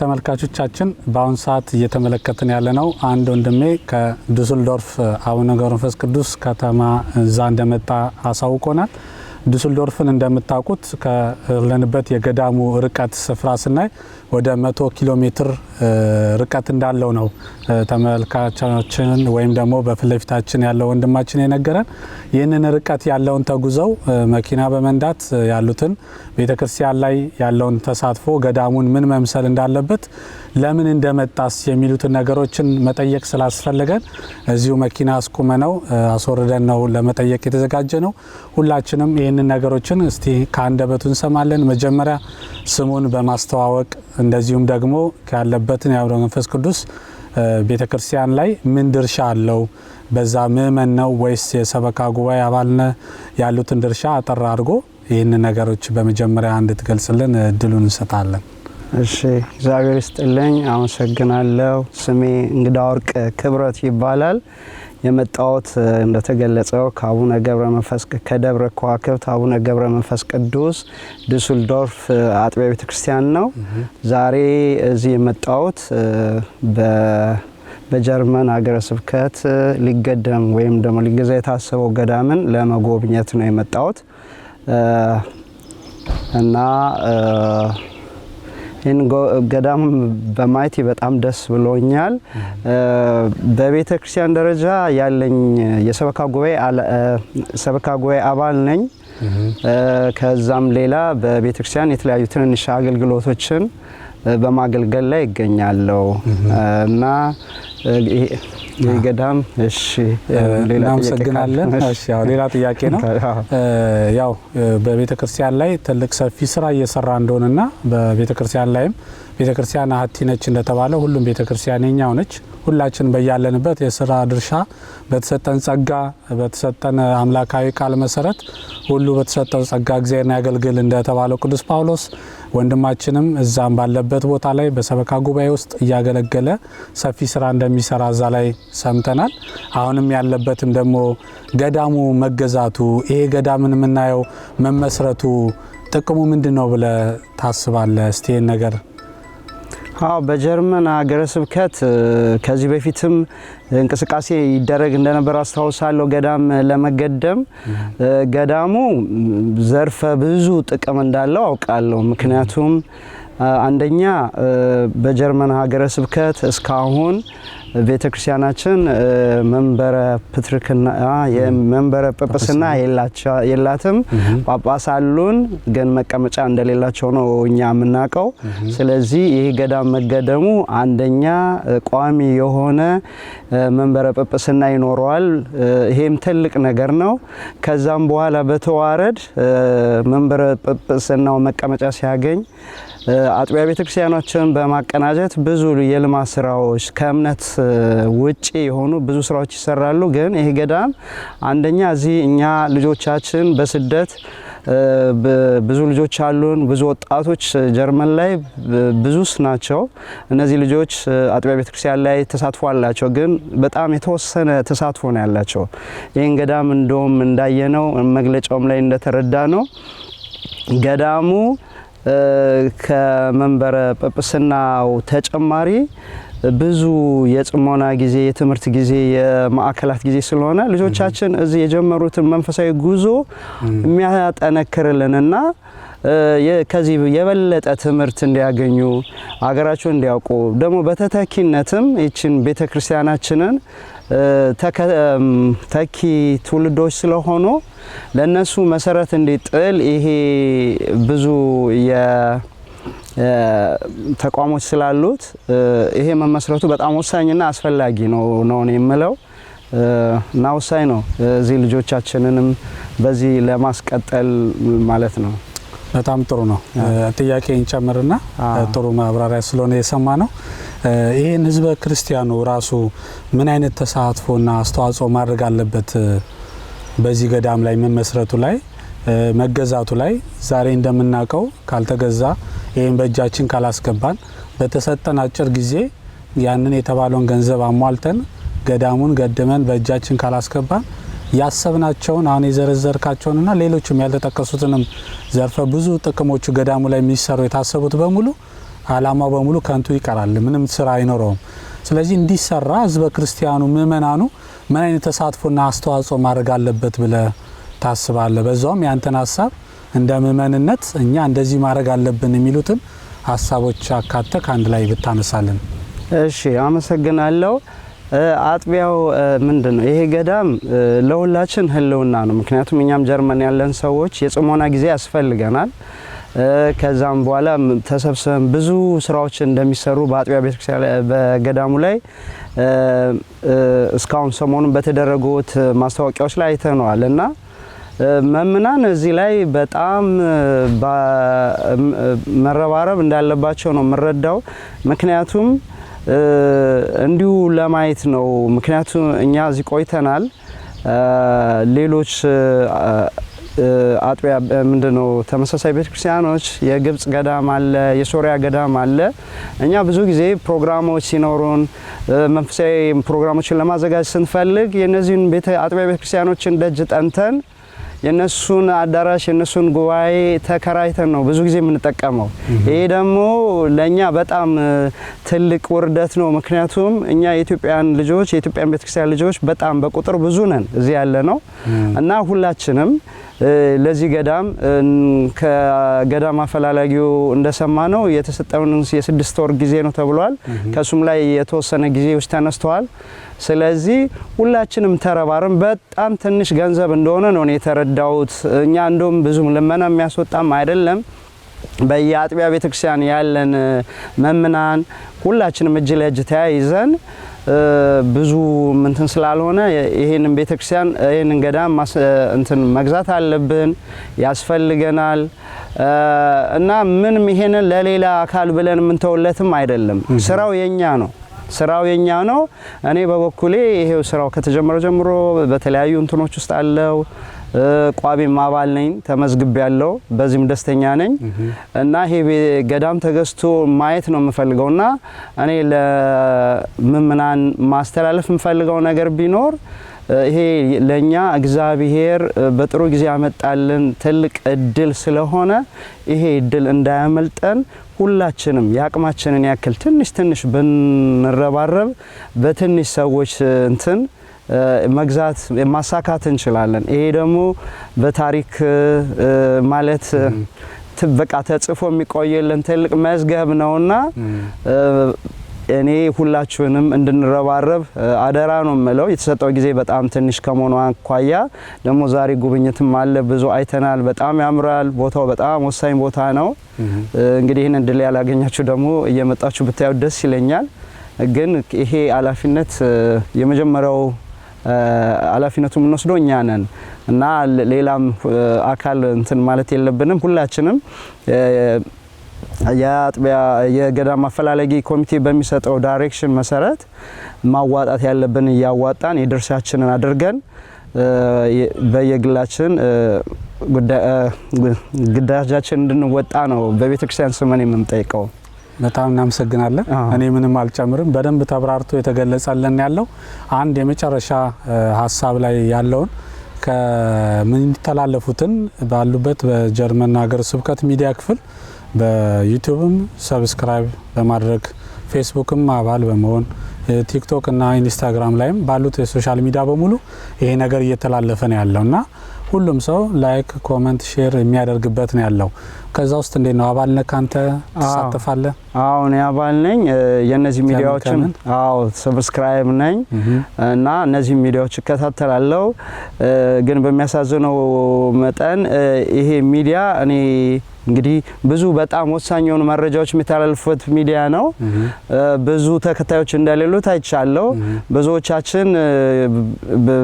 ተመልካቾቻችን በአሁን ሰዓት እየተመለከትን ያለ ነው። አንድ ወንድሜ ከዱስልዶርፍ አቡነ ገብረ መንፈስ ቅዱስ ከተማ እዛ እንደመጣ አሳውቆናል። ዱስልዶርፍን እንደምታውቁት ከለንበት የገዳሙ ርቀት ስፍራ ስናይ ወደ 100 ኪሎ ሜትር ርቀት እንዳለው ነው ተመልካቻችን ወይም ደግሞ በፊት ለፊታችን ያለው ወንድማችን የነገረን። ይህንን ርቀት ያለውን ተጉዘው መኪና በመንዳት ያሉትን ቤተክርስቲያን ላይ ያለውን ተሳትፎ ገዳሙን ምን መምሰል እንዳለበት ለምን እንደመጣስ የሚሉትን ነገሮችን መጠየቅ ስላስፈለገን እዚሁ መኪና ነው አስወርደን ነው ለመጠየቅ የተዘጋጀ ነው። ሁላችንም ይህንን ነገሮችን እስቲ ከአንደበቱ እንሰማለን። መጀመሪያ ስሙን በማስተዋወቅ እንደዚሁም ደግሞ ያለበትን የአብረ መንፈስ ቅዱስ ቤተ ክርስቲያን ላይ ምን ድርሻ አለው? በዛ ምእመን ነው ወይስ የሰበካ ጉባኤ አባል ያሉትን ድርሻ አጠር አድርጎ ይህንን ነገሮች በመጀመሪያ እንድትገልጽልን እድሉን እንሰጣለን። እሺ እግዚአብሔር ይስጥልኝ፣ አመሰግናለሁ። ስሜ እንግዳ ወርቅ ክብረት ይባላል። የመጣሁት እንደተገለጸው ከአቡነ ገብረ መንፈስ ከደብረ ከዋክብት አቡነ ገብረ መንፈስ ቅዱስ ዱስልዶርፍ አጥቢያ ቤተ ክርስቲያን ነው። ዛሬ እዚህ የመጣሁት በጀርመን ሀገረ ስብከት ሊገደም ወይም ደግሞ ሊገዛ የታሰበው ገዳምን ለመጎብኘት ነው የመጣሁት እና ይህን ገዳም በማየቴ በጣም ደስ ብሎኛል። በቤተ ክርስቲያን ደረጃ ያለኝ የሰበካ ጉባኤ ሰበካ ጉባኤ አባል ነኝ። ከዛም ሌላ በቤተ ክርስቲያን የተለያዩ ትንንሽ አገልግሎቶችን በማገልገል ላይ ይገኛለሁ እና ገዳም እሺ፣ እናመሰግናለን። እሺ፣ ያው ሌላ ጥያቄ ነው። ያው በቤተክርስቲያን ላይ ትልቅ ሰፊ ስራ እየሰራ እንደሆነና በቤተክርስቲያን ላይም ቤተክርስቲያን አህቲ ነች እንደተባለ ሁሉም ቤተክርስቲያን የኛው ነች። ሁላችን በያለንበት የስራ ድርሻ በተሰጠን ጸጋ በተሰጠን አምላካዊ ቃል መሰረት ሁሉ በተሰጠው ጸጋ እግዚአብሔርን ያገልግል እንደተባለው ቅዱስ ጳውሎስ ወንድማችንም እዛም ባለበት ቦታ ላይ በሰበካ ጉባኤ ውስጥ እያገለገለ ሰፊ ስራ እንደሚሰራ እዛ ላይ ሰምተናል። አሁንም ያለበትም ደግሞ ገዳሙ መገዛቱ ይሄ ገዳምን የምናየው መመስረቱ ጥቅሙ ምንድን ነው ብለ ታስባለ? እስቲ ነገር አዎ በጀርመን ሀገረ ስብከት ከዚህ በፊትም እንቅስቃሴ ይደረግ እንደነበር አስታውሳለሁ። ገዳም ለመገደም ገዳሙ ዘርፈ ብዙ ጥቅም እንዳለው አውቃለሁ። ምክንያቱም አንደኛ በጀርመን ሀገረ ስብከት እስካሁን ቤተ ክርስቲያናችን መንበረ ፕትርክና የመንበረ ጵጵስና የላትም። ጳጳስ አሉን፣ ግን መቀመጫ እንደሌላቸው ነው እኛ የምናውቀው። ስለዚህ ይህ ገዳም መገደሙ አንደኛ ቋሚ የሆነ መንበረ ጵጵስና ይኖረዋል። ይሄም ትልቅ ነገር ነው። ከዛም በኋላ በተዋረድ መንበረ ጵጵስናው መቀመጫ ሲያገኝ አጥቢያ ቤተክርስቲያኖችን በማቀናጀት ብዙ የልማት ስራዎች ከእምነት ውጪ የሆኑ ብዙ ስራዎች ይሰራሉ። ግን ይሄ ገዳም አንደኛ እዚህ እኛ ልጆቻችን በስደት ብዙ ልጆች አሉን። ብዙ ወጣቶች ጀርመን ላይ ብዙስ ናቸው። እነዚህ ልጆች አጥቢያ ቤተክርስቲያን ላይ ተሳትፎ አላቸው፣ ግን በጣም የተወሰነ ተሳትፎ ነው ያላቸው። ይህን ገዳም እንደውም እንዳየነው መግለጫውም ላይ እንደተረዳ ነው ገዳሙ ከመንበረ ጵጵስናው ተጨማሪ ብዙ የጽሞና ጊዜ፣ የትምህርት ጊዜ፣ የማዕከላት ጊዜ ስለሆነ ልጆቻችን እዚህ የጀመሩትን መንፈሳዊ ጉዞ የሚያጠነክርልንና ከዚህ የበለጠ ትምህርት እንዲያገኙ አገራቸውን እንዲያውቁ ደግሞ በተተኪነትም ይችን ቤተ ክርስቲያናችንን ተኪ ትውልዶች ስለሆኑ ለእነሱ መሰረት እንዲጥል ይሄ ብዙ ተቋሞች ስላሉት ይሄ መመስረቱ በጣም ወሳኝና አስፈላጊ ነው ነው የምለው እና ወሳኝ ነው። እዚህ ልጆቻችንንም በዚህ ለማስቀጠል ማለት ነው። በጣም ጥሩ ነው። ጥያቄን ጨምርና ጥሩ ማብራሪያ ስለሆነ የሰማ ነው። ይህን ህዝበ ክርስቲያኑ ራሱ ምን አይነት ተሳትፎና አስተዋጽኦ ማድረግ አለበት? በዚህ ገዳም ላይ መመስረቱ ላይ መገዛቱ ላይ ዛሬ እንደምናውቀው ካልተገዛ ይህም በእጃችን ካላስገባን በተሰጠን አጭር ጊዜ ያንን የተባለውን ገንዘብ አሟልተን ገዳሙን ገድመን በእጃችን ካላስገባን ያሰብናቸውን አሁን የዘረዘርካቸውንና ሌሎችም ያልተጠቀሱትንም ዘርፈ ብዙ ጥቅሞቹ ገዳሙ ላይ የሚሰሩ የታሰቡት በሙሉ አላማው በሙሉ ከንቱ ይቀራል፣ ምንም ስራ አይኖረውም። ስለዚህ እንዲሰራ ህዝበ ክርስቲያኑ ምእመናኑ ምን አይነት ተሳትፎና አስተዋጽኦ ማድረግ አለበት ብለ ታስባለ? በዛውም ያንተን ሀሳብ እንደ ምእመንነት እኛ እንደዚህ ማድረግ አለብን የሚሉትን ሀሳቦች አካተ ከአንድ ላይ ብታነሳልን። እሺ፣ አመሰግናለሁ። አጥቢያው ምንድን ነው? ይሄ ገዳም ለሁላችን ህልውና ነው። ምክንያቱም እኛም ጀርመን ያለን ሰዎች የጽሞና ጊዜ ያስፈልገናል። ከዛም በኋላ ተሰብስበን ብዙ ስራዎች እንደሚሰሩ በአጥቢያ ቤተክርስቲያን በገዳሙ ላይ እስካሁን ሰሞኑን በተደረጉት ማስታወቂያዎች ላይ አይተነዋል እና መምናን እዚህ ላይ በጣም መረባረብ እንዳለባቸው ነው የምረዳው። ምክንያቱም እንዲሁ ለማየት ነው። ምክንያቱም እኛ እዚህ ቆይተናል። ሌሎች አጥቢያ ነው ተመሳሳይ ቤተክርስቲያኖች የግብጽ ገዳም አለ፣ የሶሪያ ገዳም አለ። እኛ ብዙ ጊዜ ፕሮግራሞች ሲኖሩን መንፈሳዊ ፕሮግራሞችን ለማዘጋጅ ስንፈልግ የእነዚህን አጥቢያ ቤተክርስቲያኖችን ደጅ ጠንተን የነሱን አዳራሽ የነሱን ጉባኤ ተከራይተን ነው ብዙ ጊዜ የምንጠቀመው። ይሄ ደግሞ ለእኛ በጣም ትልቅ ውርደት ነው። ምክንያቱም እኛ የኢትዮጵያን ልጆች የኢትዮጵያን ቤተክርስቲያን ልጆች በጣም በቁጥር ብዙ ነን እዚህ ያለ ነው እና ሁላችንም ለዚህ ገዳም ከገዳም አፈላላጊው እንደሰማ ነው የተሰጠውን የስድስት ወር ጊዜ ነው ተብሏል። ከሱም ላይ የተወሰነ ጊዜዎች ተነስተዋል። ስለዚህ ሁላችንም ተረባርም በጣም ትንሽ ገንዘብ እንደሆነ ነው የተረዳሁት። እኛ እንደውም ብዙም ልመና የሚያስወጣም አይደለም። በየአጥቢያ ቤተክርስቲያን ያለን መምናን ሁላችንም እጅ ለእጅ ተያይዘን ብዙ እንትን ስላልሆነ ይሄንን ቤተክርስቲያን ይሄንን ገዳም እንትን መግዛት አለብን ያስፈልገናል እና ምንም ይሄንን ለሌላ አካል ብለን የምንተውለትም አይደለም። ስራው የኛ ነው። ስራው የኛ ነው። እኔ በበኩሌ ይሄው ስራው ከተጀመረ ጀምሮ በተለያዩ እንትኖች ውስጥ አለው ቋቢ አባል ነኝ ተመዝግብ ያለው በዚህም ደስተኛ ነኝ እና ይሄ ገዳም ተገዝቶ ማየት ነው የምፈልገውና እኔ ለምምናን ማስተላለፍ የምፈልገው ነገር ቢኖር ይሄ ለእኛ እግዚአብሔር በጥሩ ጊዜ ያመጣልን ትልቅ እድል ስለሆነ ይሄ እድል እንዳያመልጠን ሁላችንም የአቅማችንን ያክል ትንሽ ትንሽ ብንረባረብ በትንሽ ሰዎች እንትን መግዛት ማሳካት እንችላለን። ይሄ ደግሞ በታሪክ ማለት በቃ ተጽፎ የሚቆየልን ትልቅ መዝገብ ነውና እኔ ሁላችሁንም እንድንረባረብ አደራ ነው የምለው። የተሰጠው ጊዜ በጣም ትንሽ ከመሆኑ አኳያ ደግሞ ዛሬ ጉብኝትም አለ፣ ብዙ አይተናል። በጣም ያምራል ቦታው፣ በጣም ወሳኝ ቦታ ነው። እንግዲህ ይህን እድል ያላገኛችሁ ደግሞ እየመጣችሁ ብታዩ ደስ ይለኛል። ግን ይሄ ኃላፊነት የመጀመሪያው ኃላፊነቱ የምንወስደው እኛ ነን እና ሌላም አካል እንትን ማለት የለብንም። ሁላችንም የአጥቢያ የገዳም አፈላለጊ ኮሚቴ በሚሰጠው ዳይሬክሽን መሰረት ማዋጣት ያለብን እያዋጣን የድርሻችንን አድርገን በየግላችን ግዳጃችን እንድንወጣ ነው በቤተክርስቲያን ስመን የምንጠይቀው። በጣም እናመሰግናለን። እኔ ምንም አልጨምርም። በደንብ ተብራርቶ የተገለጸልን ያለው አንድ የመጨረሻ ሀሳብ ላይ ያለውን ከምንተላለፉትን ባሉበት በጀርመን ሀገር ስብከት ሚዲያ ክፍል በዩቲዩብም ሰብስክራይብ በማድረግ ፌስቡክም አባል በመሆን ቲክቶክ እና ኢንስታግራም ላይም ባሉት የሶሻል ሚዲያ በሙሉ ይሄ ነገር እየተላለፈ ነው ያለው እና ሁሉም ሰው ላይክ ኮመንት ሼር የሚያደርግበት ነው ያለው። ከዛ ውስጥ እንዴት ነው አባል ነህ አንተ ትሳተፋለህ? አዎ እኔ አባል ነኝ። የእነዚህ ሚዲያዎችን አዎ ሰብስክራይብ ነኝ እና እነዚህ ሚዲያዎች እከታተላለሁ። ግን በሚያሳዝነው መጠን ይሄ ሚዲያ እኔ እንግዲህ ብዙ በጣም ወሳኝ የሆኑ መረጃዎች የሚተላለፉበት ሚዲያ ነው። ብዙ ተከታዮች እንደሌሉት አይቻለሁ። ብዙዎቻችን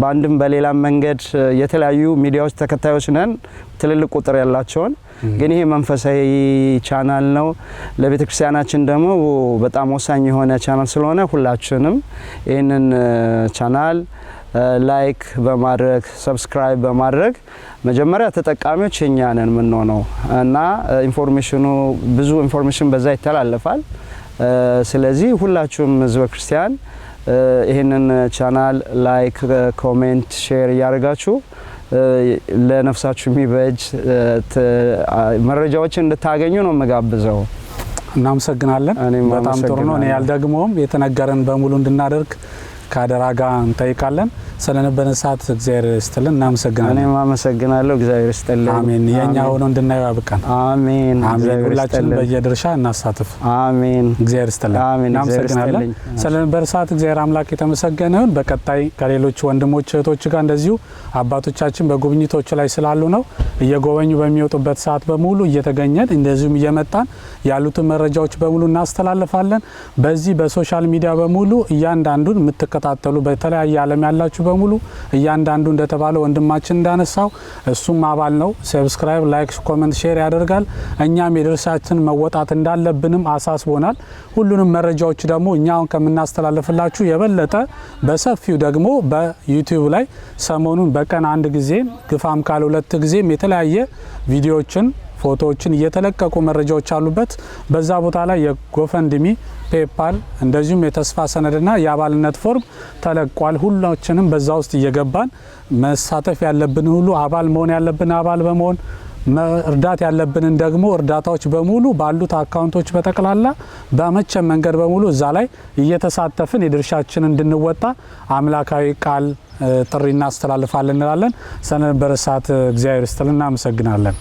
በአንድም በሌላም መንገድ የተለያዩ ሚዲያዎች ተከታዮች ነን፣ ትልልቅ ቁጥር ያላቸውን ግን ይሄ መንፈሳዊ ቻናል ነው። ለቤተ ክርስቲያናችን ደግሞ በጣም ወሳኝ የሆነ ቻናል ስለሆነ ሁላችንም ይህንን ቻናል ላይክ በማድረግ ሰብስክራይብ በማድረግ መጀመሪያ ተጠቃሚዎች እኛ ነን የምንሆነው እና ኢንፎርሜሽኑ ብዙ ኢንፎርሜሽን በዛ ይተላለፋል። ስለዚህ ሁላችሁም ህዝበ ክርስቲያን ይህንን ቻናል ላይክ፣ ኮሜንት፣ ሼር እያደረጋችሁ ለነፍሳችሁ የሚበጅ መረጃዎችን እንድታገኙ ነው የምጋብዘው። እናመሰግናለን። በጣም ጥሩ ነው። እኔ ያልደግመውም የተነገረን በሙሉ እንድናደርግ ከአደራ ጋር እንጠይቃለን። ስለነበረን ሰዓት እግዚአብሔር ይስጥልን፣ እናመሰግናለን። እኔም አመሰግናለሁ፣ እግዚአብሔር ይስጥልን። አሜን። የእኛ ሆኖ እንድናየው ያብቃን። አሜን። አሜን። ሁላችን በየድርሻ እናሳትፍ። አሜን። እግዚአብሔር ይስጥልን። አሜን። እናመሰግናለን። ስለነበረን ሰዓት እግዚአብሔር አምላክ የተመሰገነ ይሁን። በቀጣይ ከሌሎች ወንድሞች እህቶች ጋር እንደዚሁ አባቶቻችን በጉብኝቶች ላይ ስላሉ ነው እየጎበኙ በሚወጡበት ሰዓት በሙሉ እየተገኘን እንደዚሁም እየመጣን ያሉትን መረጃዎች በሙሉ እናስተላልፋለን። በዚህ በሶሻል ሚዲያ በሙሉ እያንዳንዱን ምትክ የምትከታተሉ በተለያየ ዓለም ያላችሁ በሙሉ እያንዳንዱ እንደተባለ ወንድማችን እንዳነሳው እሱም አባል ነው። ሰብስክራይብ፣ ላይክ፣ ኮመንት፣ ሼር ያደርጋል። እኛም የድርሻችን መወጣት እንዳለብንም አሳስቦናል። ሁሉንም መረጃዎች ደግሞ እኛውን ከምናስተላልፍላችሁ የበለጠ በሰፊው ደግሞ በዩቲዩብ ላይ ሰሞኑን በቀን አንድ ጊዜ ግፋም ካል ሁለት ጊዜም የተለያየ ቪዲዮዎችን ፎቶዎችን እየተለቀቁ መረጃዎች አሉበት። በዛ ቦታ ላይ የጎፈንድሚ ፔፓል፣ እንደዚሁም የተስፋ ሰነድና የአባልነት ፎርም ተለቋል። ሁላችንም በዛ ውስጥ እየገባን መሳተፍ ያለብን ሁሉ አባል መሆን ያለብን አባል በመሆን እርዳት ያለብንን ደግሞ እርዳታዎች በሙሉ ባሉት አካውንቶች በጠቅላላ በመቼ መንገድ በሙሉ እዛ ላይ እየተሳተፍን የድርሻችን እንድንወጣ አምላካዊ ቃል ጥሪ እናስተላልፋለን እንላለን። ሰነበረሳት እግዚአብሔር ይስጥልን፣ እናመሰግናለን።